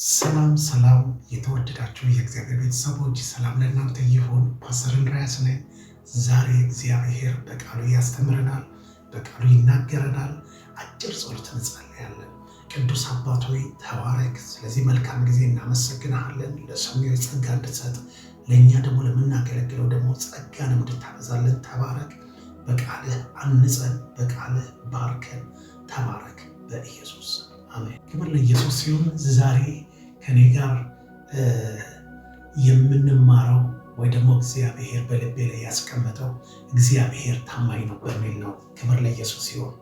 ሰላም ሰላም የተወደዳችሁ የእግዚአብሔር ቤተሰቦች ሰላም ለእናንተ ይሁን። ፓስተር እንድርያስ ነኝ። ዛሬ እግዚአብሔር በቃሉ ያስተምረናል፣ በቃሉ ይናገረናል። አጭር ጸሎት እንጸልያለን። ቅዱስ አባት ሆይ ተባረክ። ስለዚህ መልካም ጊዜ እናመሰግናሃለን። ለሰሚዎች ጸጋ እንድትሰጥ ለእኛ ደግሞ ለምናገለግለው ደግሞ ጸጋን እንድታበዛለን ተባረክ። በቃልህ አንጸን፣ በቃልህ ባርከን። ተባረክ በኢየሱስ አሜን። ክብር ለኢየሱስ ሲሆን ዛሬ ከኔ ጋር የምንማረው ወይ ደግሞ እግዚአብሔር በልቤ ላይ ያስቀመጠው እግዚአብሔር ታማኝ ነው በሚል ነው። ክብር ለኢየሱስ ሲሆን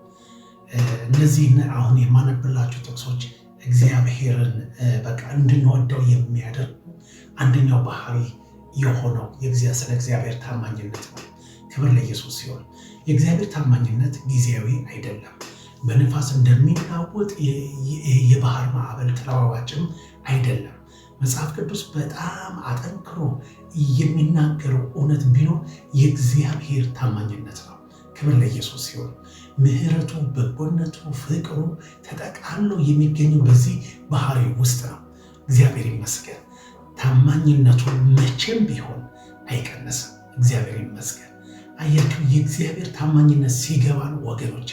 እነዚህ አሁን የማነብላቸው ጥቅሶች እግዚአብሔርን በቃ እንድንወደው የሚያደርግ አንደኛው ባህሪ የሆነው ስለ እግዚአብሔር ታማኝነት ነው። ክብር ለኢየሱስ ሲሆን የእግዚአብሔር ታማኝነት ጊዜያዊ አይደለም። በንፋስ እንደሚናወጥ የባህር ማዕበል ተለዋዋጭም አይደለም። መጽሐፍ ቅዱስ በጣም አጠንክሮ የሚናገረው እውነት ቢኖር የእግዚአብሔር ታማኝነት ነው። ክብር ለኢየሱስ ሲሆን ምሕረቱ፣ በጎነቱ፣ ፍቅሩ ተጠቃሎ የሚገኙ በዚህ ባህሪ ውስጥ ነው። እግዚአብሔር ይመስገን። ታማኝነቱ መቼም ቢሆን አይቀነስም። እግዚአብሔር ይመስገን። አያችሁ፣ የእግዚአብሔር ታማኝነት ሲገባን ወገኖች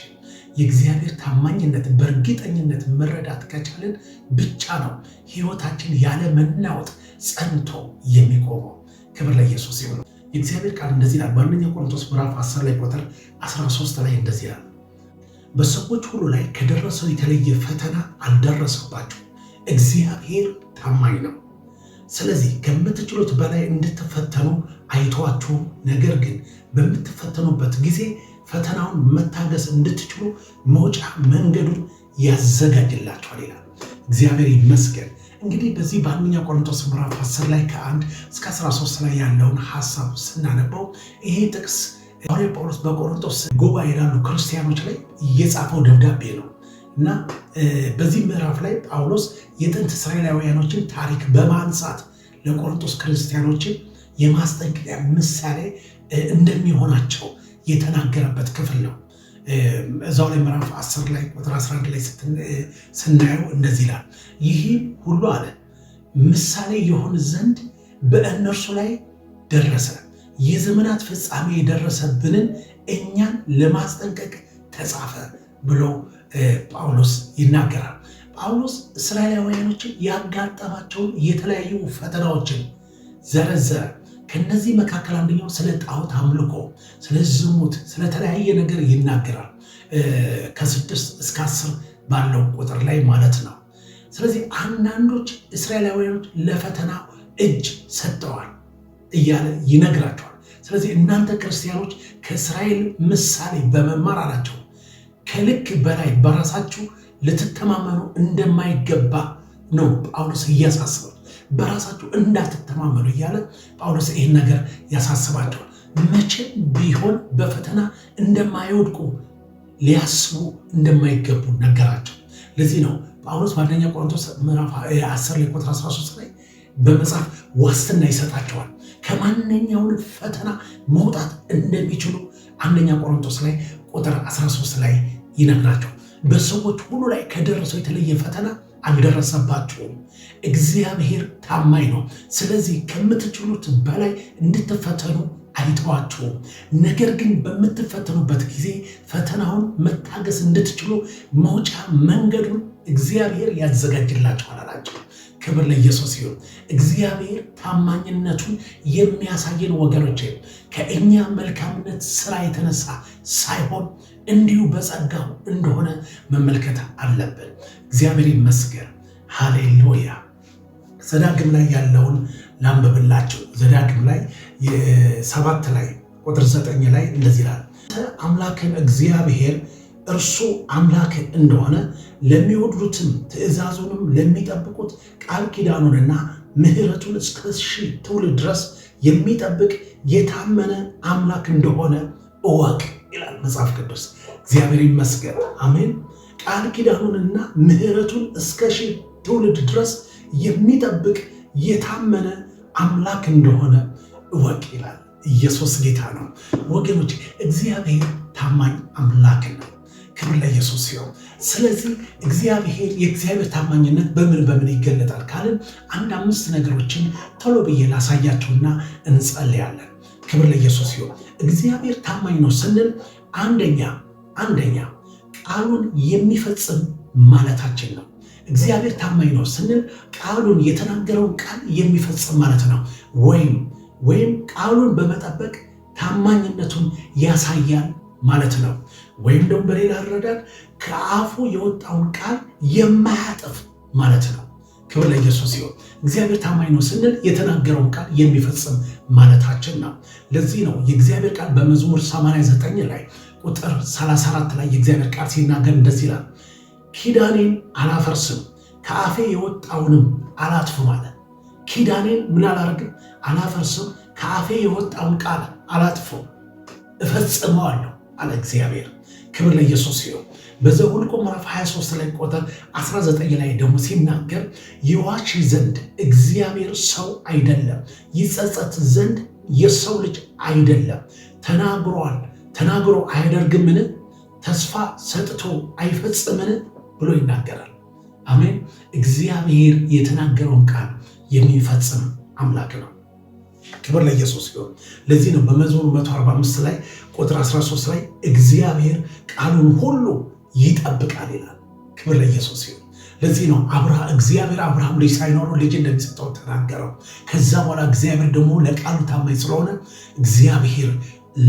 የእግዚአብሔር ታማኝነት በእርግጠኝነት መረዳት ከቻልን ብቻ ነው ህይወታችን ያለ መናወጥ ጸንቶ የሚቆመው። ክብር ለኢየሱስ ይሁን። የእግዚአብሔር ቃል እንደዚህ ይላል። በአንደኛ ቆሮንቶስ ምዕራፍ 10 ላይ ቁጥር 13 ላይ እንደዚህ ይላል፣ በሰዎች ሁሉ ላይ ከደረሰው የተለየ ፈተና አልደረሰባቸው፣ እግዚአብሔር ታማኝ ነው። ስለዚህ ከምትችሉት በላይ እንድትፈተኑ አይተዋችሁም። ነገር ግን በምትፈተኑበት ጊዜ ፈተናውን መታገስ እንድትችሉ መውጫ መንገዱን ያዘጋጅላቸዋል ይላል። እግዚአብሔር ይመስገን። እንግዲህ በዚህ በአንደኛ ቆሮንቶስ ምዕራፍ 10 ላይ ከ1 እስከ 13 ላይ ያለውን ሀሳብ ስናነበው ይሄ ጥቅስ ሐዋርያው ጳውሎስ በቆሮንቶስ ጉባኤ ላሉ ክርስቲያኖች ላይ እየጻፈው ደብዳቤ ነው እና በዚህ ምዕራፍ ላይ ጳውሎስ የጥንት እስራኤላውያኖችን ታሪክ በማንሳት ለቆሮንቶስ ክርስቲያኖችን የማስጠንቀቂያ ምሳሌ እንደሚሆናቸው የተናገረበት ክፍል ነው። እዛው ላይ ምዕራፍ 10 ላይ ቁጥር 11 ላይ ስናየው እንደዚህ ይላል፣ ይህ ሁሉ አለ ምሳሌ የሆን ዘንድ በእነርሱ ላይ ደረሰ። የዘመናት ፍጻሜ የደረሰብንን እኛን ለማስጠንቀቅ ተጻፈ ብሎ ጳውሎስ ይናገራል። ጳውሎስ እስራኤላውያኖችን ያጋጠማቸውን የተለያዩ ፈተናዎችን ዘረዘረ። ከነዚህ መካከል አንደኛው ስለ ጣዖት አምልኮ፣ ስለ ዝሙት፣ ስለተለያየ ነገር ይናገራል። ከስድስት እስከ አስር ባለው ቁጥር ላይ ማለት ነው። ስለዚህ አንዳንዶች እስራኤላውያኖች ለፈተና እጅ ሰጥተዋል እያለ ይነግራቸዋል። ስለዚህ እናንተ ክርስቲያኖች ከእስራኤል ምሳሌ በመማር አላቸው ከልክ በላይ በራሳችሁ ልትተማመኑ እንደማይገባ ነው ጳውሎስ እያሳስባል። በራሳችሁ እንዳትተማመኑ እያለ ጳውሎስ ይህን ነገር ያሳስባቸዋል። መቼም ቢሆን በፈተና እንደማይወድቁ ሊያስቡ እንደማይገቡ ነገራቸው። ለዚህ ነው ጳውሎስ በአንደኛ ቆሮንቶስ ምዕራፍ 10 ላይ ቁጥር 13 ላይ በመጽሐፍ ዋስትና ይሰጣቸዋል ከማንኛውን ፈተና መውጣት እንደሚችሉ አንደኛ ቆሮንቶስ ላይ ቁጥር 13 ላይ ይነግራቸው። በሰዎች ሁሉ ላይ ከደረሰው የተለየ ፈተና አልደረሰባቸውም። እግዚአብሔር ታማኝ ነው። ስለዚህ ከምትችሉት በላይ እንድትፈተኑ አይተዋችሁም። ነገር ግን በምትፈተኑበት ጊዜ ፈተናውን መታገስ እንድትችሉ መውጫ መንገዱን እግዚአብሔር ያዘጋጅላችኋል አላቸው። ክብር ለኢየሱስ ይሁን። እግዚአብሔር ታማኝነቱን የሚያሳየን ወገኖች፣ ከእኛ መልካምነት ስራ የተነሳ ሳይሆን እንዲሁ በጸጋው እንደሆነ መመልከት አለብን። እግዚአብሔር ይመስገን። ሃሌሉያ። ዘዳግም ላይ ያለውን ላንብብላቸው። ዘዳግም ላይ ሰባት ላይ ቁጥር ዘጠኝ ላይ እንደዚህ ይላል አምላክን እግዚአብሔር እርሱ አምላክ እንደሆነ ለሚወዱትም ትእዛዙንም ለሚጠብቁት ቃል ኪዳኑንና ምሕረቱን እስከ ሺህ ትውልድ ድረስ የሚጠብቅ የታመነ አምላክ እንደሆነ እወቅ ይላል መጽሐፍ ቅዱስ። እግዚአብሔር ይመስገን፣ አሜን። ቃል ኪዳኑንና ምሕረቱን እስከ ሺህ ትውልድ ድረስ የሚጠብቅ የታመነ አምላክ እንደሆነ እወቅ ይላል። ኢየሱስ ጌታ ነው። ወገኖች፣ እግዚአብሔር ታማኝ አምላክ ነው። ክብር ለኢየሱስ ሲሆን፣ ስለዚህ እግዚአብሔር የእግዚአብሔር ታማኝነት በምን በምን ይገለጣል ካልን አንድ አምስት ነገሮችን ቶሎ ብዬ ላሳያቸውና እንጸልያለን። ክብር ለኢየሱስ ሲሆን፣ እግዚአብሔር ታማኝ ነው ስንል አንደኛ አንደኛ ቃሉን የሚፈጽም ማለታችን ነው። እግዚአብሔር ታማኝ ነው ስንል ቃሉን የተናገረውን ቃል የሚፈጽም ማለት ነው። ወይም ወይም ቃሉን በመጠበቅ ታማኝነቱን ያሳያል ማለት ነው። ወይም ደግሞ በሌላ አረዳድ ከአፉ የወጣውን ቃል የማያጥፍ ማለት ነው። ክብር ለኢየሱስ ሲሆን እግዚአብሔር ታማኝ ነው ስንል የተናገረውን ቃል የሚፈጽም ማለታችን ነው። ለዚህ ነው የእግዚአብሔር ቃል በመዝሙር 89 ላይ ቁጥር 34 ላይ የእግዚአብሔር ቃል ሲናገር እንደዚህ ይላል፣ ኪዳኔን አላፈርስም ከአፌ የወጣውንም አላጥፍም አለ። ኪዳኔን ምን አላደርግም? አላፈርስም ከአፌ የወጣውን ቃል አላጥፍም፣ እፈጽመዋለሁ አለ እግዚአብሔር። ክብር ለኢየሱስ ይሁን። በዘኍልቍ ምዕራፍ 23 ላይ ቁጥር 19 ላይ ደግሞ ሲናገር ይዋሽ ዘንድ እግዚአብሔር ሰው አይደለም፣ ይጸጸት ዘንድ የሰው ልጅ አይደለም። ተናግሯል፣ ተናግሮ አያደርግምን? ተስፋ ሰጥቶ አይፈጽምን? ብሎ ይናገራል። አሜን። እግዚአብሔር የተናገረውን ቃል የሚፈጽም አምላክ ነው። ክብር ለኢየሱስ ይሁን። ለዚህ ነው በመዝሙር 145 ላይ ቁጥር 13 ላይ እግዚአብሔር ቃሉን ሁሉ ይጠብቃል ይላል። ክብር ለኢየሱስ ይሁን። ለዚህ ነው አብርሃ እግዚአብሔር አብርሃም ልጅ ሳይኖረው ልጅ እንደሚሰጠው ተናገረው። ከዛ በኋላ እግዚአብሔር ደግሞ ለቃሉ ታማኝ ስለሆነ እግዚአብሔር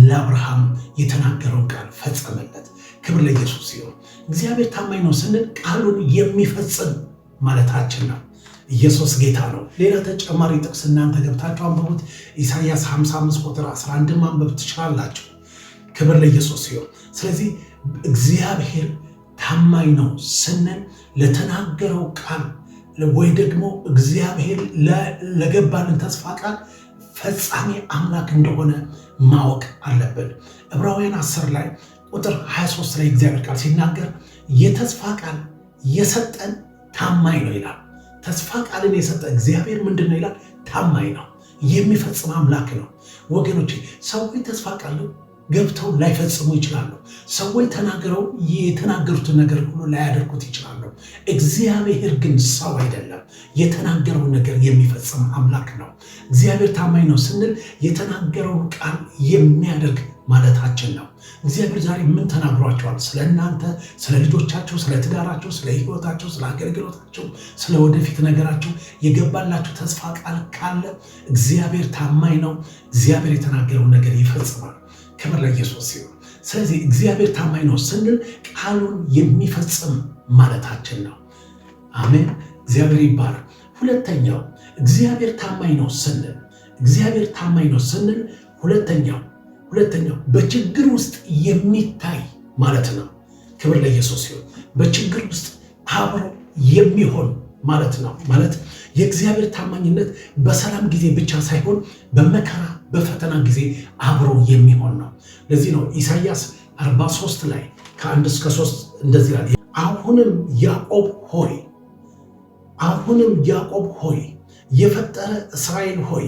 ለአብርሃም የተናገረውን ቃል ፈጸመለት። ክብር ለኢየሱስ ይሁን። እግዚአብሔር ታማኝ ነው ስንል ቃሉን የሚፈጽም ማለታችን ነው። ኢየሱስ ጌታ ነው። ሌላ ተጨማሪ ጥቅስ እናንተ ገብታችሁ አንብቡት። ኢሳያስ 55 ቁጥር 11 ማንበብ ትችላላችሁ። ክብር ለኢየሱስ ሲሆን፣ ስለዚህ እግዚአብሔር ታማኝ ነው ስንል ለተናገረው ቃል ወይ ደግሞ እግዚአብሔር ለገባልን ተስፋ ቃል ፈጻሚ አምላክ እንደሆነ ማወቅ አለብን። ዕብራውያን 10 ላይ ቁጥር 23 ላይ እግዚአብሔር ቃል ሲናገር የተስፋ ቃል የሰጠን ታማኝ ነው ይላል። ተስፋ ቃልን የሰጠ እግዚአብሔር ምንድን ነው ይላል? ታማኝ ነው፣ የሚፈጽም አምላክ ነው። ወገኖች ሰዎች ተስፋ ቃል ገብተው ላይፈጽሙ ይችላሉ። ሰዎች ተናግረው የተናገሩትን ነገር ሁሉ ላያደርጉት ይችላሉ። እግዚአብሔር ግን ሰው አይደለም። የተናገረውን ነገር የሚፈጽም አምላክ ነው። እግዚአብሔር ታማኝ ነው ስንል የተናገረውን ቃል የሚያደርግ ማለታችን ነው። እግዚአብሔር ዛሬ ምን ተናግሯቸዋል? ስለ እናንተ፣ ስለ ልጆቻቸው፣ ስለ ትዳራቸው፣ ስለ ህይወታቸው፣ ስለ አገልግሎታቸው፣ ስለ ወደፊት ነገራቸው የገባላቸው ተስፋ ቃል ካለ እግዚአብሔር ታማኝ ነው። እግዚአብሔር የተናገረውን ነገር ይፈጽማል። ክብር ለኢየሱስ ሲሆን፣ ስለዚህ እግዚአብሔር ታማኝ ነው ስንል ቃሉን የሚፈጽም ማለታችን ነው። አሜን። እግዚአብሔር ይባላል። ሁለተኛው እግዚአብሔር ታማኝ ነው ስንል እግዚአብሔር ታማኝ ነው ስንል ሁለተኛው ሁለተኛው በችግር ውስጥ የሚታይ ማለት ነው። ክብር ለኢየሱስ ሲሆን በችግር ውስጥ አብሮ የሚሆን ማለት ነው። ማለት የእግዚአብሔር ታማኝነት በሰላም ጊዜ ብቻ ሳይሆን በመከራ በፈተና ጊዜ አብሮ የሚሆን ነው። ለዚህ ነው ኢሳያስ 43 ላይ ከአንድ እስከ ሶስት እንደዚህ ይላል። አሁንም ያዕቆብ ሆይ አሁንም ያዕቆብ ሆይ የፈጠረ እስራኤል ሆይ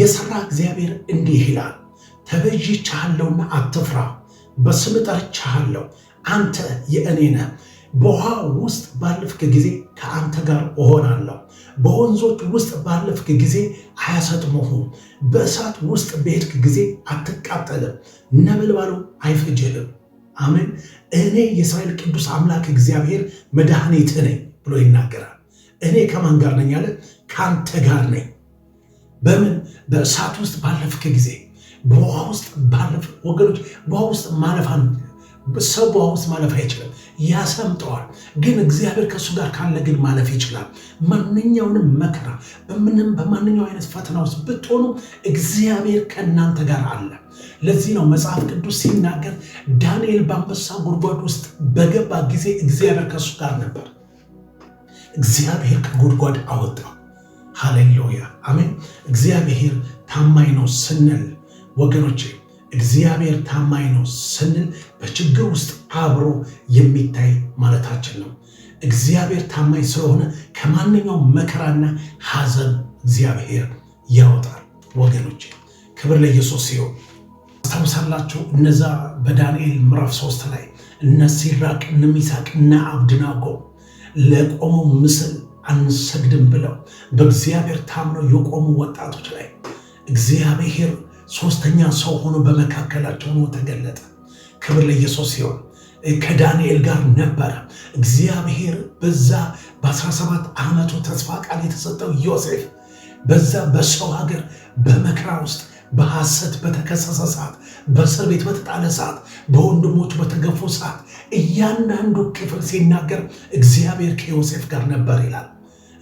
የሰራ እግዚአብሔር እንዲህ ይላል ተበይቻለሁና አትፍራ፣ በስም ጠርቻለሁ፣ አንተ የእኔ ነህ። በውሃ ውስጥ ባለፍክ ጊዜ ከአንተ ጋር እሆናለሁ፣ በወንዞች ውስጥ ባለፍክ ጊዜ አያሰጥሙህም፣ በእሳት ውስጥ በሄድክ ጊዜ አትቃጠልም፣ ነበልባሉ አይፈጅህም። አሜን። እኔ የእስራኤል ቅዱስ አምላክ እግዚአብሔር መድኃኒት ነኝ ብሎ ይናገራል። እኔ ከማን ጋር ነኝ አለ? ከአንተ ጋር ነኝ። በምን በእሳት ውስጥ ባለፍክ ጊዜ በውሃ ውስጥ ባለፍ ወገኖች፣ በውሃ ውስጥ ማለፋን ሰው በውሃ ውስጥ ማለፍ አይችልም፣ ያሰምጠዋል። ግን እግዚአብሔር ከእሱ ጋር ካለ ግን ማለፍ ይችላል። ማንኛውንም መከራ በምንም በማንኛው አይነት ፈተና ውስጥ ብትሆኑ እግዚአብሔር ከእናንተ ጋር አለ። ለዚህ ነው መጽሐፍ ቅዱስ ሲናገር ዳንኤል በአንበሳ ጉድጓድ ውስጥ በገባ ጊዜ እግዚአብሔር ከእሱ ጋር ነበር። እግዚአብሔር ከጉድጓድ አወጣው። ሃሌሉያ አሜን። እግዚአብሔር ታማኝ ነው ስንል ወገኖቼ እግዚአብሔር ታማኝ ነው ስንል በችግር ውስጥ አብሮ የሚታይ ማለታችን ነው። እግዚአብሔር ታማኝ ስለሆነ ከማንኛውም መከራና ሐዘን እግዚአብሔር ያወጣል። ወገኖቼ ክብር ለኢየሱስ ሲሆን አስታውሳላቸው እነዛ በዳንኤል ምዕራፍ ሶስት ላይ እነ ሲራቅ እነ ሚሳቅ እና አብድናጎ ለቆመው ምስል አንሰግድም ብለው በእግዚአብሔር ታምነው የቆሙ ወጣቶች ላይ እግዚአብሔር ሶስተኛ ሰው ሆኖ በመካከላቸው ሆኖ ተገለጠ። ክብር ለኢየሱስ ሲሆን ከዳንኤል ጋር ነበረ። እግዚአብሔር በዛ በ17 ዓመቱ ተስፋ ቃል የተሰጠው ዮሴፍ በዛ በሰው ሀገር በመከራ ውስጥ በሐሰት በተከሰሰ ሰዓት፣ በእስር ቤት በተጣለ ሰዓት፣ በወንድሞች በተገፉ ሰዓት እያንዳንዱ ክፍል ሲናገር እግዚአብሔር ከዮሴፍ ጋር ነበር ይላል።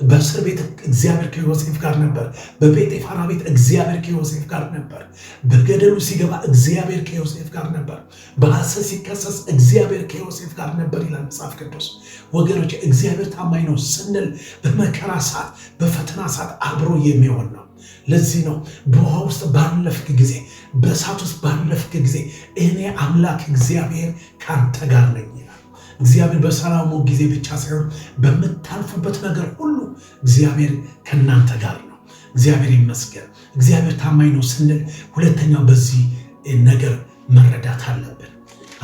በእስር ቤት እግዚአብሔር ከዮሴፍ ጋር ነበር። በጴጤፋራ ቤት እግዚአብሔር ከዮሴፍ ጋር ነበር። በገደሉ ሲገባ እግዚአብሔር ከዮሴፍ ጋር ነበር። በሐሰት ሲከሰስ እግዚአብሔር ከዮሴፍ ጋር ነበር ይላል መጽሐፍ ቅዱስ። ወገኖች እግዚአብሔር ታማኝ ነው ስንል በመከራ ሰዓት፣ በፈተና ሰዓት አብሮ የሚሆን ነው። ለዚህ ነው በውሃ ውስጥ ባለፍክ ጊዜ፣ በእሳት ውስጥ ባለፍክ ጊዜ እኔ አምላክ እግዚአብሔር ከአንተ ጋር ነኝ እግዚአብሔር በሰላሙ ጊዜ ብቻ ሳይሆን በምታልፉበት ነገር ሁሉ እግዚአብሔር ከእናንተ ጋር ነው። እግዚአብሔር ይመስገን። እግዚአብሔር ታማኝ ነው ስንል ሁለተኛው በዚህ ነገር መረዳት አለብን።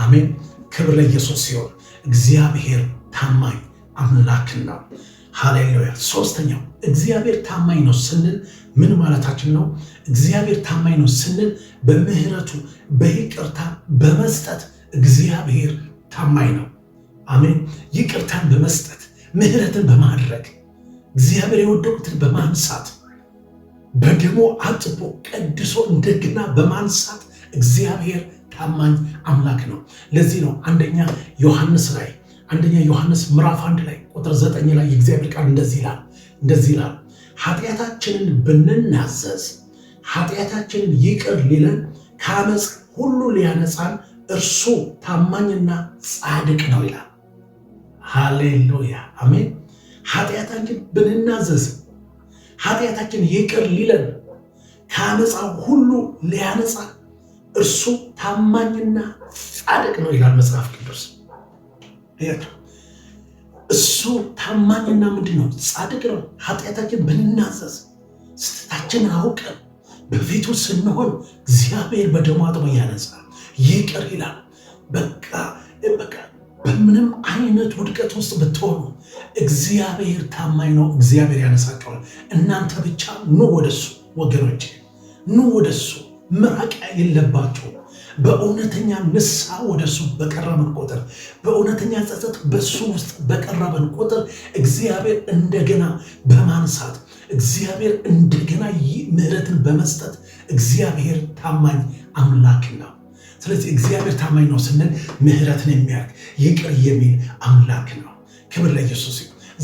አሜን። ክብር ለኢየሱስ ሲሆን እግዚአብሔር ታማኝ አምላክን ነው። ሃሌሉያ። ሶስተኛው እግዚአብሔር ታማኝ ነው ስንል ምን ማለታችን ነው? እግዚአብሔር ታማኝ ነው ስንል በምህረቱ፣ በይቅርታ፣ በመስጠት እግዚአብሔር ታማኝ ነው። አሜን። ይቅርታን በመስጠት ምህረትን በማድረግ እግዚአብሔር የወደቁትን በማንሳት በደሞ አጥቦ ቀድሶ እንደገና በማንሳት እግዚአብሔር ታማኝ አምላክ ነው። ለዚህ ነው አንደኛ ዮሐንስ ላይ አንደኛ ዮሐንስ ምዕራፍ አንድ ላይ ቁጥር ዘጠኝ ላይ የእግዚአብሔር ቃል እንደዚህ ይላል እንደዚህ ይላል ኃጢአታችንን ብንናዘዝ ኃጢአታችንን ይቅር ሊለን ከአመፅ ሁሉ ሊያነፃን እርሱ ታማኝና ጻድቅ ነው ይላል። ሃሌሉያ አሜን። ኃጢአታችን ብንናዘዝ ኃጢአታችን ይቅር ሊለን ከአመፃ ሁሉ ሊያነፃ እርሱ ታማኝና ጻድቅ ነው ይላል መጽሐፍ ቅዱስ። እሱ ታማኝና ምንድን ነው? ጻድቅ ነው። ኃጢአታችን ብንናዘዝ ስተታችን አውቀን በፊቱ ስንሆን እግዚአብሔር በደሙ አጥቦ ያነጻል፣ ይቅር ይላል። በቃ በቃ በምንም አይነት ውድቀት ውስጥ ብትሆኑ እግዚአብሔር ታማኝ ነው። እግዚአብሔር ያነሳቸዋል። እናንተ ብቻ ኑ ወደሱ ወገኖች፣ ኑ ወደሱ ምራቂያ የለባቸው። በእውነተኛ ንስሐ ወደሱ በቀረብን ቁጥር፣ በእውነተኛ ጸጸት በሱ ውስጥ በቀረብን ቁጥር እግዚአብሔር እንደገና በማንሳት እግዚአብሔር እንደገና ምሕረትን በመስጠት እግዚአብሔር ታማኝ አምላክ ነው። ስለዚህ እግዚአብሔር ታማኝ ነው ስንል ምህረትን የሚያርግ ይቅር የሚል አምላክ ነው። ክብር ለኢየሱስ።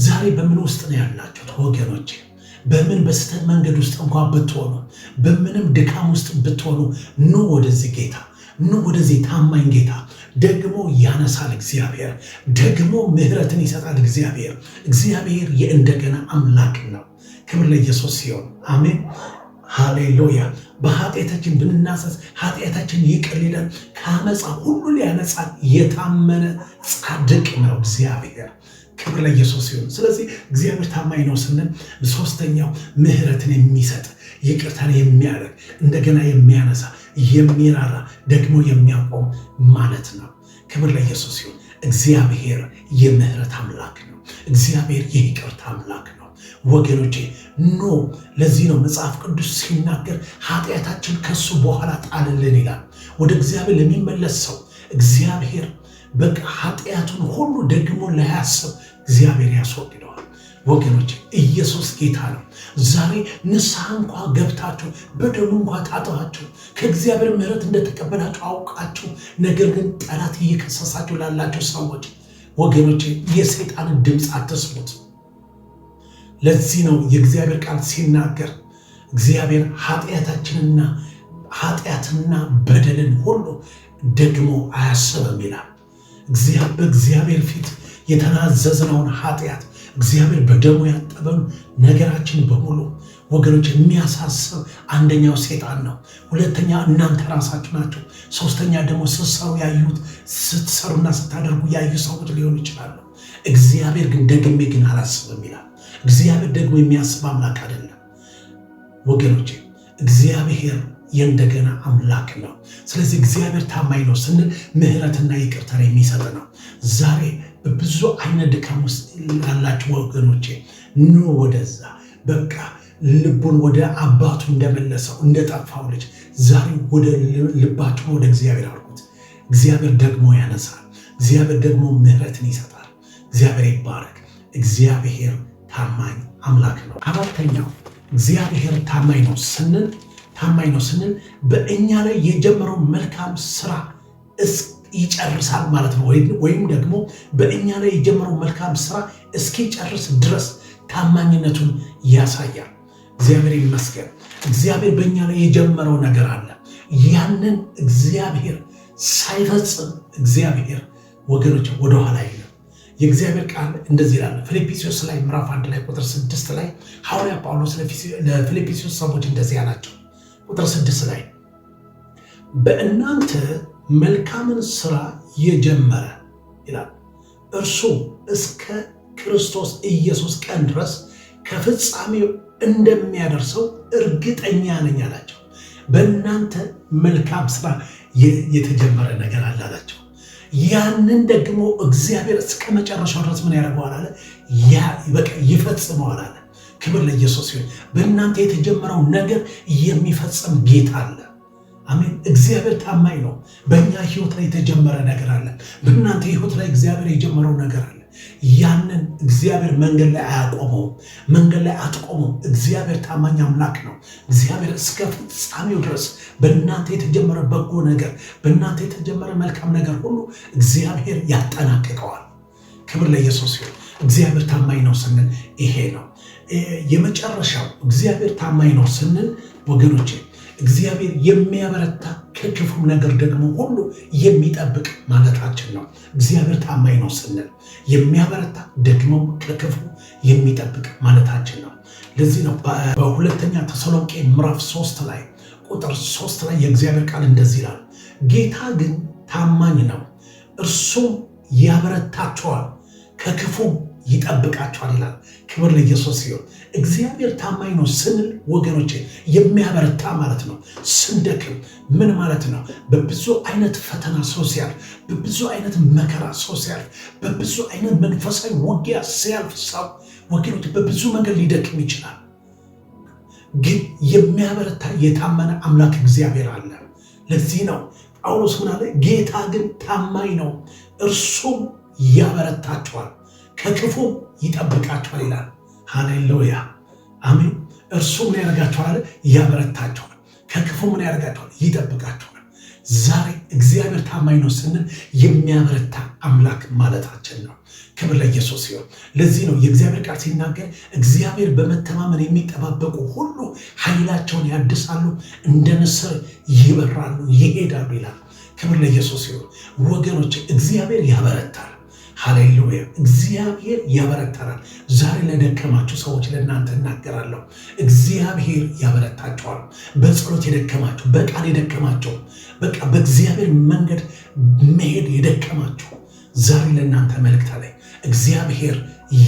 ዛሬ በምን ውስጥ ነው ያላችሁት ወገኖች? በምን በስተት መንገድ ውስጥ እንኳ ብትሆኑ፣ በምንም ድካም ውስጥ ብትሆኑ፣ ኑ ወደዚህ ጌታ፣ ኑ ወደዚህ ታማኝ ጌታ። ደግሞ ያነሳል እግዚአብሔር፣ ደግሞ ምህረትን ይሰጣል እግዚአብሔር። እግዚአብሔር የእንደገና አምላክ ነው። ክብር ለኢየሱስ ሲሆን አሜን፣ ሃሌሉያ በኃጢአታችን ብንናሰስ ኃጢአታችን ይቅር ሊለን ከአመፃ ሁሉ ሊያነጻን የታመነ ጻድቅ ነው እግዚአብሔር። ክብር ለኢየሱስ ይሁን። ስለዚህ እግዚአብሔር ታማኝ ነው ስንል ሶስተኛው ምህረትን የሚሰጥ ይቅርታን የሚያደርግ እንደገና የሚያነሳ የሚራራ ደግሞ የሚያቆም ማለት ነው። ክብር ለኢየሱስ ይሁን። እግዚአብሔር የምህረት አምላክ ነው። እግዚአብሔር የይቅርታ አምላክ ነው ወገኖቼ ኖ ለዚህ ነው መጽሐፍ ቅዱስ ሲናገር ኃጢአታችን ከሱ በኋላ ጣልልን ይላል። ወደ እግዚአብሔር ለሚመለስ ሰው እግዚአብሔር በቃ ኃጢአቱን ሁሉ ደግሞ ላያስብ እግዚአብሔር ያስወግደዋል። ወገኖች ኢየሱስ ጌታ ነው። ዛሬ ንስሐ እንኳ ገብታችሁ በደሙ እንኳ ታጥባችሁ ከእግዚአብሔር ምሕረት እንደተቀበላችሁ አውቃችሁ፣ ነገር ግን ጠላት እየከሰሳችሁ ላላችሁ ሰዎች ወገኖች የሰይጣንን ድምፅ አትስሙት። ለዚህ ነው የእግዚአብሔር ቃል ሲናገር እግዚአብሔር ኃጢአታችንና ኃጢአትና በደልን ሁሉ ደግሞ አያስብም ይላል። በእግዚአብሔር ፊት የተናዘዝነውን ኃጢአት እግዚአብሔር በደሙ ያጠበን ነገራችን በሙሉ ወገኖች የሚያሳስብ አንደኛው ሴጣን ነው። ሁለተኛ እናንተ ራሳችሁ ናቸው። ሶስተኛ ደግሞ ስሰሩ ያዩት ስትሰሩና ስታደርጉ ያዩ ሰዎች ሊሆኑ ይችላሉ። እግዚአብሔር ግን ደግሜ ግን አላስብም እግዚአብሔር ደግሞ የሚያስብ አምላክ አይደለም ወገኖች እግዚአብሔር የእንደገና አምላክ ነው። ስለዚህ እግዚአብሔር ታማኝ ነው ስንል ምሕረትና ይቅርታ የሚሰጥ ነው። ዛሬ በብዙ አይነት ድካም ውስጥ ላላችሁ ወገኖቼ ኑ ወደዛ በቃ ልቡን ወደ አባቱ እንደመለሰው እንደጠፋው ልጅ ዛሬ ወደ ልባችሁ ወደ እግዚአብሔር አድርጉት። እግዚአብሔር ደግሞ ያነሳል። እግዚአብሔር ደግሞ ምሕረትን ይሰጣል። እግዚአብሔር ይባረክ። እግዚአብሔር ታማኝ አምላክ ነው። አራተኛው እግዚአብሔር ታማኝ ነው ስንል ታማኝ ነው ስንል በእኛ ላይ የጀመረው መልካም ስራ ይጨርሳል ማለት ነው። ወይም ደግሞ በእኛ ላይ የጀመረው መልካም ስራ እስኪጨርስ ድረስ ታማኝነቱን ያሳያል። እግዚአብሔር ይመስገን። እግዚአብሔር በእኛ ላይ የጀመረው ነገር አለ። ያንን እግዚአብሔር ሳይፈጽም እግዚአብሔር ወገኖች ወደኋላ የእግዚአብሔር ቃል እንደዚህ ይላል። ፊልጵስዩስ ላይ ምዕራፍ አንድ ላይ ቁጥር ስድስት ላይ ሐዋርያ ጳውሎስ ለፊልጵስዩስ ሰዎች እንደዚህ ያላቸው ቁጥር ስድስት ላይ በእናንተ መልካምን ስራ የጀመረ ይላል እርሱ እስከ ክርስቶስ ኢየሱስ ቀን ድረስ ከፍጻሜው እንደሚያደርሰው እርግጠኛ ነኝ አላቸው። በእናንተ መልካም ስራ የተጀመረ ነገር አለ አላቸው። ያንን ደግሞ እግዚአብሔር እስከ መጨረሻው ድረስ ምን ያደርገዋል አለ በቃ ይፈጽመዋል አለ። ክብር ለኢየሱስ ይሁን። በእናንተ የተጀመረው ነገር የሚፈጽም ጌታ አለ። አሜን። እግዚአብሔር ታማኝ ነው። በእኛ ህይወት ላይ የተጀመረ ነገር አለ። በእናንተ ህይወት ላይ እግዚአብሔር የጀመረው ነገር አለ። ያንን እግዚአብሔር መንገድ ላይ አያቆመው፣ መንገድ ላይ አትቆመው። እግዚአብሔር ታማኝ አምላክ ነው። እግዚአብሔር እስከ ፍጻሜው ድረስ በእናንተ የተጀመረ በጎ ነገር፣ በእናንተ የተጀመረ መልካም ነገር ሁሉ እግዚአብሔር ያጠናቅቀዋል። ክብር ለኢየሱስ ይሁን። እግዚአብሔር ታማኝ ነው ስንል ይሄ ነው የመጨረሻው። እግዚአብሔር ታማኝ ነው ስንል ወገኖቼ፣ እግዚአብሔር የሚያበረታ ከክፉ ነገር ደግሞ ሁሉ የሚጠብቅ ማለታችን ነው። እግዚአብሔር ታማኝ ነው ስንል የሚያበረታ ደግሞ ከክፉ የሚጠብቅ ማለታችን ነው። ለዚህ ነው በሁለተኛ ተሰሎንቄ ምዕራፍ ሶስት ላይ ቁጥር ሶስት ላይ የእግዚአብሔር ቃል እንደዚህ ይላል፣ ጌታ ግን ታማኝ ነው፣ እርሱም ያበረታቸዋል፣ ከክፉ ይጠብቃቸዋል ይላል። ክብር ለኢየሱስ ይሁን። እግዚአብሔር ታማኝ ነው ስንል ወገኖች የሚያበረታ ማለት ነው። ስንደክም ምን ማለት ነው? በብዙ አይነት ፈተና ሰው ሲያልፍ፣ በብዙ አይነት መከራ ሰው ሲያልፍ፣ በብዙ አይነት መንፈሳዊ ውጊያ ሲያልፍ ሰው ወገኖች በብዙ መንገድ ሊደክም ይችላል። ግን የሚያበረታ የታመነ አምላክ እግዚአብሔር አለ። ለዚህ ነው ጳውሎስ ምን አለ? ጌታ ግን ታማኝ ነው፣ እርሱም ያበረታቸዋል ከክፉ ይጠብቃቸዋል ይላል። ሃሌሉያ አሜን። እርሱ ምን ያደርጋቸዋል? ያበረታቸዋል። ከክፉ ምን ያደርጋቸዋል? ይጠብቃቸዋል። ዛሬ እግዚአብሔር ታማኝ ነው ስንል የሚያበረታ አምላክ ማለታችን ነው። ክብር ለኢየሱስ ይሁን። ለዚህ ነው የእግዚአብሔር ቃል ሲናገር እግዚአብሔር በመተማመን የሚጠባበቁ ሁሉ ኃይላቸውን ያድሳሉ፣ እንደ ንስር ይበራሉ፣ ይሄዳሉ ይላል። ክብር ለኢየሱስ ይሁን። ወገኖች እግዚአብሔር ያበረታል። ሃሌሉያ! እግዚአብሔር ያበረታናል። ዛሬ ለደከማችሁ ሰዎች ለእናንተ እናገራለሁ። እግዚአብሔር ያበረታቸዋል። በጸሎት የደከማችሁ፣ በቃል የደከማችሁ፣ በቃ በእግዚአብሔር መንገድ መሄድ የደከማችሁ ዛሬ ለእናንተ መልእክት ላይ እግዚአብሔር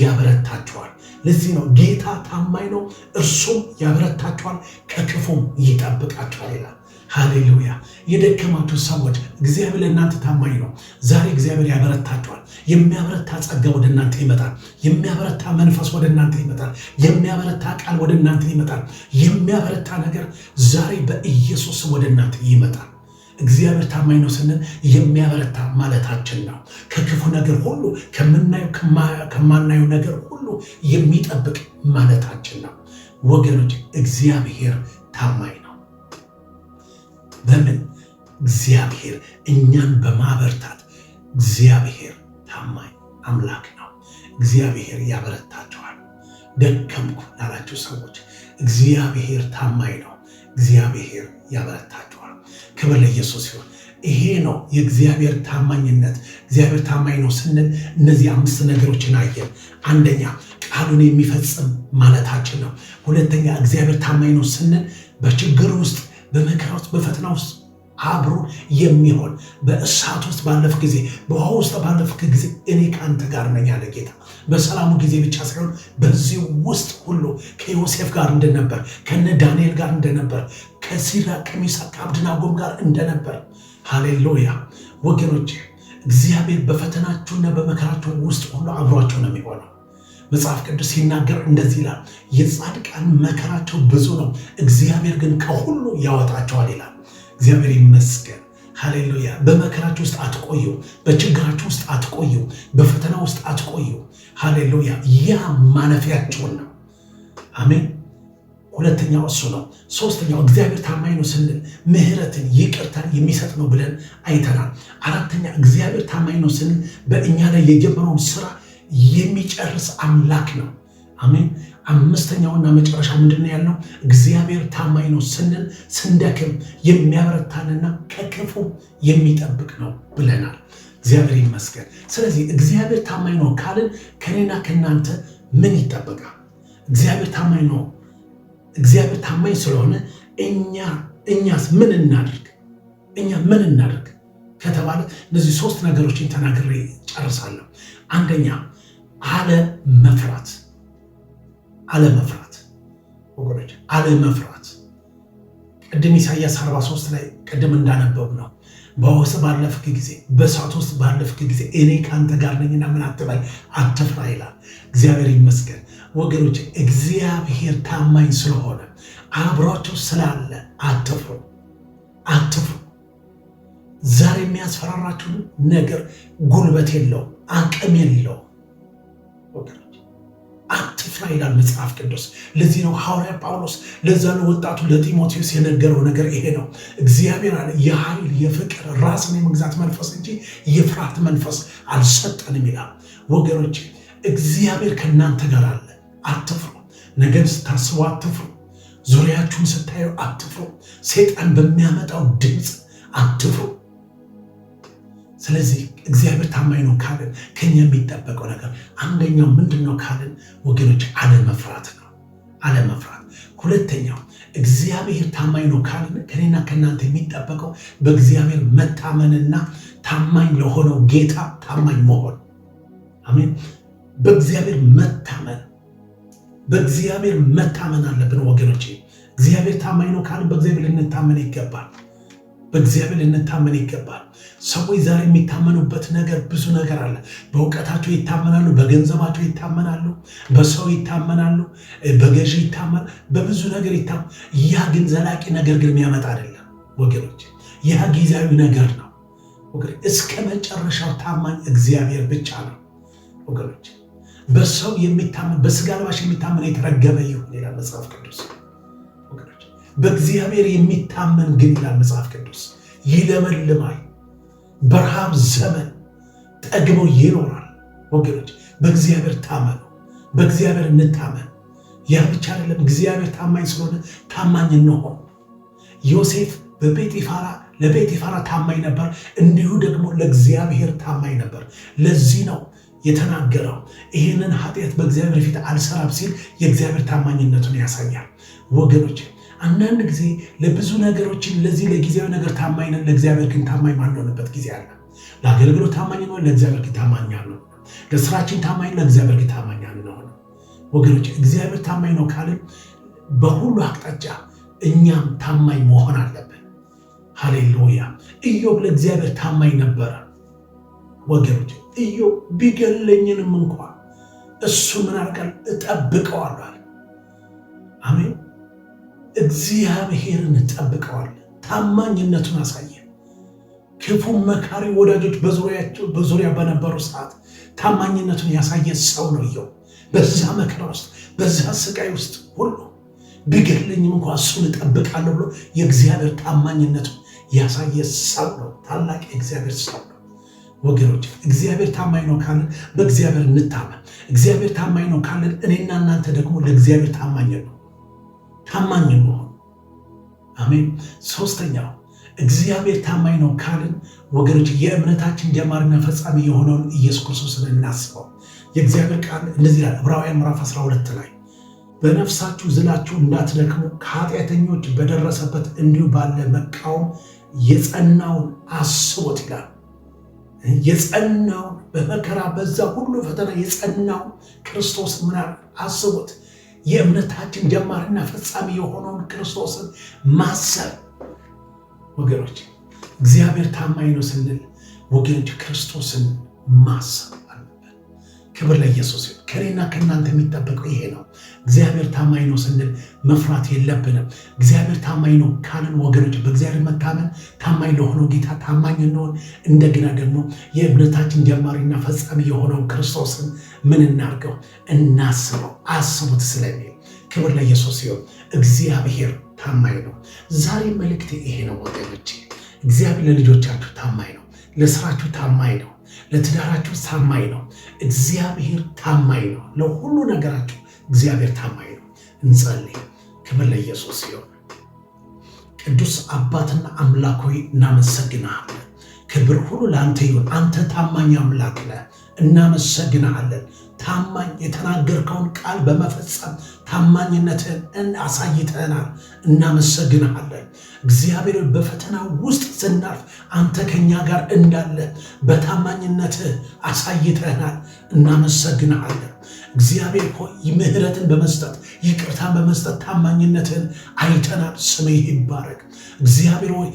ያበረታቸዋል። ለዚህ ነው ጌታ ታማኝ ነው፣ እርሱም ያበረታቸዋል፣ ከክፉም ይጠብቃቸዋል ይላል። ሃሌሉያ! የደከማችሁ ሰዎች እግዚአብሔር ለእናንተ ታማኝ ነው። ዛሬ እግዚአብሔር ያበረታችኋል። የሚያበረታ ጸጋ ወደ እናንተ ይመጣል። የሚያበረታ መንፈስ ወደ እናንተ ይመጣል። የሚያበረታ ቃል ወደ እናንተ ይመጣል። የሚያበረታ ነገር ዛሬ በኢየሱስ ወደ እናንተ ይመጣል። እግዚአብሔር ታማኝ ነው ስንል የሚያበረታ ማለታችን ነው። ከክፉ ነገር ሁሉ ከምናየው ከማናየው ነገር ሁሉ የሚጠብቅ ማለታችን ነው። ወገኖች እግዚአብሔር ታማኝ ነው። እግዚአብሔር እኛን በማበርታት እግዚአብሔር ታማኝ አምላክ ነው። እግዚአብሔር ያበረታቸዋል። ደከምኩ ላላቸው ሰዎች እግዚአብሔር ታማኝ ነው። እግዚአብሔር ያበረታቸዋል። ክብር ለኢየሱስ ሲሆን ይሄ ነው የእግዚአብሔር ታማኝነት። እግዚአብሔር ታማኝ ነው ስንል እነዚህ አምስት ነገሮችን አየን። አንደኛ ቃሉን የሚፈጽም ማለታችን ነው። ሁለተኛ እግዚአብሔር ታማኝ ነው ስንል በችግር ውስጥ፣ በመከራ ውስጥ፣ በፈተና ውስጥ አብሮ የሚሆን በእሳት ውስጥ ባለፍ ጊዜ በውሃ ውስጥ ባለፍ ጊዜ እኔ ከአንተ ጋር ነኝ ያለ ጌታ በሰላሙ ጊዜ ብቻ ሳይሆን በዚህ ውስጥ ሁሉ ከዮሴፍ ጋር እንደነበር፣ ከነ ዳንኤል ጋር እንደነበር፣ ከሲራ ከሚሳቅ ከአብድናጎም ጋር እንደነበር። ሃሌሉያ ወገኖች እግዚአብሔር በፈተናችሁና በመከራችሁ ውስጥ ሁሉ አብሯቸው ነው የሚሆነው። መጽሐፍ ቅዱስ ሲናገር እንደዚህ ይላል፣ የጻድቃን መከራቸው ብዙ ነው፣ እግዚአብሔር ግን ከሁሉ ያወጣቸዋል ይላል። እግዚአብሔር ይመስገን። ሃሌሉያ። በመከራችሁ ውስጥ አትቆዩ፣ በችግራችሁ ውስጥ አትቆዩ፣ በፈተና ውስጥ አትቆዩ። ሃሌሉያ። ያ ማነፊያቸውን ነው። አሜን። ሁለተኛው እሱ ነው። ሶስተኛው እግዚአብሔር ታማኝ ነው ስንል ምሕረትን ይቅርታን የሚሰጥ ነው ብለን አይተናል። አራተኛ እግዚአብሔር ታማኝ ነው ስንል በእኛ ላይ የጀመረውን ስራ የሚጨርስ አምላክ ነው። አሜን። አምስተኛውና መጨረሻ ምንድነው ያለው እግዚአብሔር ታማኝ ነው ስንል ስንደክም የሚያበረታንና ከክፉ የሚጠብቅ ነው ብለናል። እግዚአብሔር ይመስገን። ስለዚህ እግዚአብሔር ታማኝ ነው ካልን ከኔና ከእናንተ ምን ይጠበቃል? እግዚአብሔር ታማኝ ነው። እግዚአብሔር ታማኝ ስለሆነ እኛ እኛስ ምን እናድርግ? እኛ ምን እናድርግ ከተባለ እነዚህ ሶስት ነገሮችን ተናግሬ ጨርሳለሁ። አንደኛ አለ መፍራት አለመፍራት ወገኖች፣ አለመፍራት ቅድም ኢሳያስ 43 ላይ ቅድም እንዳነበብ ነው በውስጥ ባለፍክ ጊዜ በእሳት ውስጥ ባለፍክ ጊዜ እኔ ከአንተ ጋር ነኝና ምን አትበል አትፍራ ይላል። እግዚአብሔር ይመስገን ወገኖች፣ እግዚአብሔር ታማኝ ስለሆነ አብሯቸው ስላለ አትፍሩ፣ አትፍሩ። ዛሬ የሚያስፈራራችሁ ነገር ጉልበት የለውም፣ አቅም የለውም። ተስፋ ይላል መጽሐፍ ቅዱስ። ለዚህ ነው ሐዋርያ ጳውሎስ ለዛ ነው ወጣቱ ለጢሞቴዎስ የነገረው ነገር ይሄ ነው። እግዚአብሔር አለ የኃይል የፍቅር ራስን የመግዛት መንፈስ እንጂ የፍርሃት መንፈስ አልሰጠንም ይላል። ወገኖች እግዚአብሔር ከእናንተ ጋር አለ፣ አትፍሩ። ነገን ስታስቡ አትፍሩ። ዙሪያችሁን ስታዩ አትፍሩ። ሴጣን በሚያመጣው ድምፅ አትፍሩ። ስለዚህ እግዚአብሔር ታማኝ ነው ካለን ከኛ የሚጠበቀው ነገር አንደኛው ምንድን ነው ወገኖች አለመፍራት ነው። አለመፍራት። ሁለተኛው እግዚአብሔር ታማኝ ነው ካለን ከኔና ከእናንተ የሚጠበቀው በእግዚአብሔር መታመንና ታማኝ ለሆነው ጌታ ታማኝ መሆን። አሜን። በእግዚአብሔር መታመን በእግዚአብሔር መታመን አለብን ወገኖች። እግዚአብሔር ታማኝ ነው ካለን በእግዚአብሔር ልንታመን ይገባል። በእግዚአብሔር ልንታመን ይገባል። ሰዎች ዛሬ የሚታመኑበት ነገር ብዙ ነገር አለ። በእውቀታቸው ይታመናሉ፣ በገንዘባቸው ይታመናሉ፣ በሰው ይታመናሉ፣ በገዢ ይታመናሉ፣ በብዙ ነገር ይታ ያ ግን ዘላቂ ነገር ግን የሚያመጣ አይደለም ወገኖች፣ ያ ጊዜያዊ ነገር ነው። እስከ መጨረሻው ታማኝ እግዚአብሔር ብቻ ነው ወገኖች። በሰው የሚታመን በስጋ ለባሽ የሚታመን የተረገመ ይሁን ይላል መጽሐፍ ቅዱስ። በእግዚአብሔር የሚታመን ግን ይላል መጽሐፍ ቅዱስ ይለመልማል፣ በረሃብ ዘመን ጠግቦ ይኖራል። ወገኖች በእግዚአብሔር ታመኑ፣ በእግዚአብሔር እንታመን። ያ ብቻ አይደለም፣ እግዚአብሔር ታማኝ ስለሆነ ታማኝ እንሆን። ዮሴፍ በቤጢፋራ ለቤጢፋራ ታማኝ ነበር፣ እንዲሁ ደግሞ ለእግዚአብሔር ታማኝ ነበር። ለዚህ ነው የተናገረው ይህንን ኃጢአት በእግዚአብሔር ፊት አልሰራም ሲል የእግዚአብሔር ታማኝነቱን ያሳያል ወገኖች አንዳንድ ጊዜ ለብዙ ነገሮችን ለዚህ ለጊዜያዊ ነገር ታማኝ ነን፣ ለእግዚአብሔር ግን ታማኝ ማንሆንበት ጊዜ አለ። ለአገልግሎት ታማኝ ነው፣ ለእግዚአብሔር ግን ታማኝ አለ። ለስራችን ታማኝ፣ ነው፣ ለእግዚአብሔር ግን ታማኝ አልሆንም። ወገኖች እግዚአብሔር ታማኝ ነው ካልን በሁሉ አቅጣጫ እኛም ታማኝ መሆን አለብን። ሃሌሉያ! ኢዮብ ለእግዚአብሔር ታማኝ ነበረ። ወገኖች ኢዮብ ቢገለኝንም እንኳ እሱ ምን አርቃል? እጠብቀዋለሁ። አሜን እግዚአብሔርን ጠብቀዋል። ታማኝነቱን አሳየ። ክፉ መካሪ ወዳጆች በዙሪያቸው በዙሪያ በነበሩ ሰዓት ታማኝነቱን ያሳየ ሰው ነው እየው። በዛ መከራ ውስጥ በዛ ስቃይ ውስጥ ሁሉ ቢገድለኝም እንኳ እሱን እጠብቃለሁ ብሎ የእግዚአብሔር ታማኝነቱን ያሳየ ሰው ነው። ታላቅ የእግዚአብሔር ሰው ነው። ወገኖች እግዚአብሔር ታማኝ ነው ካለን በእግዚአብሔር እንታመን። እግዚአብሔር ታማኝ ነው ካለን እኔና እናንተ ደግሞ ለእግዚአብሔር ታማኝ ነው። ታማኝ መሆን። አሜን። ሶስተኛው እግዚአብሔር ታማኝ ነው ካልን ወገኖች የእምነታችን ጀማሪና ፈጻሚ የሆነውን ኢየሱስ ክርስቶስን እናስበው። የእግዚአብሔር ቃል እንደዚህ ይላል ዕብራውያን ምዕራፍ 12 ላይ በነፍሳችሁ ዝላችሁ እንዳትደክሙ ከኃጢአተኞች በደረሰበት እንዲሁ ባለ መቃወም የጸናውን አስቦት ይላል። የጸናውን በመከራ በዛ ሁሉ ፈተና የጸናውን ክርስቶስ ምናምን አስቦት የእምነታችን ጀማሪና ፈጻሚ የሆነውን ክርስቶስን ማሰብ ወገኖች፣ እግዚአብሔር ታማኝ ነው ስንል ወገኖች ክርስቶስን ማሰብ አለብን። ክብር ለኢየሱስ። ከእኔና ከእናንተ የሚጠበቀው ይሄ ነው። እግዚአብሔር ታማኝ ነው ስንል መፍራት የለብንም። እግዚአብሔር ታማኝ ነው ካልን ወገኖች በእግዚአብሔር መታመን ታማኝ ለሆነው ጌታ ታማኝ እንሆን። እንደገና ደግሞ የእምነታችን ጀማሪና ፈጻሚ የሆነው ክርስቶስን ምን እናርገው? እናስበው። አስቡት ስለሚል ክብር ለኢየሱስ ሲሆን እግዚአብሔር ታማኝ ነው። ዛሬ መልእክት ይሄ ነው ወገኖች፣ እግዚአብሔር ለልጆቻችሁ ታማኝ ነው። ለስራችሁ ታማኝ ነው። ለትዳራችሁ ታማኝ ነው። እግዚአብሔር ታማኝ ነው ለሁሉ ነገራችሁ እግዚአብሔር ታማኝ ነው። እንጸልይ። ክብር ለኢየሱስ ይሁን። ቅዱስ አባትና አምላክ ሆይ እናመሰግናለን። ክብር ሁሉ ለአንተ ይሁን። አንተ ታማኝ አምላክ ነህ፣ እናመሰግናለን። ታማኝ የተናገርከውን ቃል በመፈጸም ታማኝነትህን አሳይተናል። እናመሰግናለን። እግዚአብሔር በፈተና ውስጥ ስናልፍ አንተ ከኛ ጋር እንዳለ በታማኝነትህ አሳይተናል። እናመሰግናለን። እግዚአብሔር ሆይ ምህረትን በመስጠት ይቅርታን በመስጠት ታማኝነትን አይተናል። ስምህ ይባረክ። እግዚአብሔር ሆይ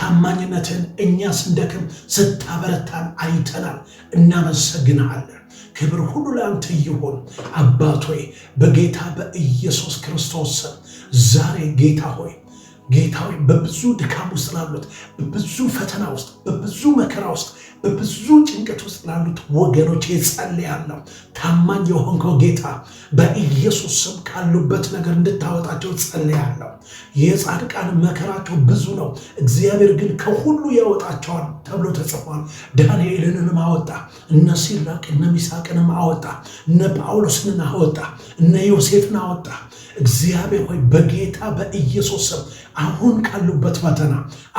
ታማኝነትን እኛ ስንደክም ስታበረታን አይተናል። እናመሰግንሃለን። ክብር ሁሉ ለአንተ ይሁን። አባት ሆይ በጌታ በኢየሱስ ክርስቶስ ስም ዛሬ ጌታ ሆይ ጌታዊ በብዙ ድካም ውስጥ ላሉት፣ በብዙ ፈተና ውስጥ፣ በብዙ መከራ ውስጥ፣ በብዙ ጭንቀት ውስጥ ላሉት ወገኖች እጸልያለሁ። ታማኝ የሆንከው ጌታ በኢየሱስ ስም ካሉበት ነገር እንድታወጣቸው እጸልያለሁ። የጻድቃን መከራቸው ብዙ ነው፣ እግዚአብሔር ግን ከሁሉ ያወጣቸዋል ተብሎ ተጽፏል። ዳንኤልንም አወጣ፣ እነ ሲራቅ እነ ሚሳቅንም አወጣ፣ እነ ጳውሎስንን አወጣ፣ እነ ዮሴፍን አወጣ እግዚአብሔር ሆይ በጌታ በኢየሱስ ስም አሁን ካሉበት ፈተና፣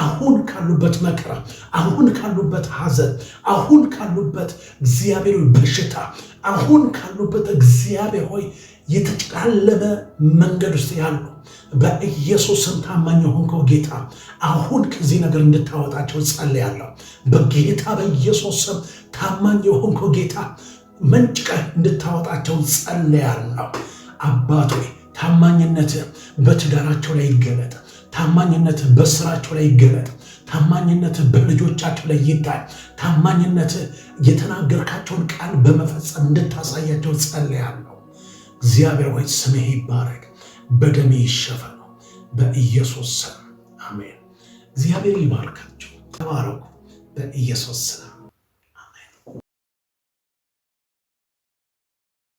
አሁን ካሉበት መከራ፣ አሁን ካሉበት ሐዘን፣ አሁን ካሉበት እግዚአብሔር በሽታ፣ አሁን ካሉበት እግዚአብሔር ሆይ የተጨላለመ መንገድ ውስጥ ያሉ ስም ታማኝ የሆንከው ጌታ አሁን ከዚህ ነገር እንድታወጣቸው ጸልያለሁ። በጌታ ስም ታማኝ የሆንከው ጌታ መንጭቀህ እንድታወጣቸው ጸልያለሁ። አባት ሆይ ታማኝነት በትዳራቸው ላይ ይገለጥ። ታማኝነት በስራቸው ላይ ይገለጥ። ታማኝነት በልጆቻቸው ላይ ይታይ። ታማኝነት የተናገርካቸውን ቃል በመፈጸም እንድታሳያቸው ጸልያለሁ። እግዚአብሔር ወይ ስምህ ይባረክ፣ በደሜ ይሸፈን ነው በኢየሱስ ስም አሜን። እግዚአብሔር ይባርካቸው። ተባረኩ በኢየሱስ ስም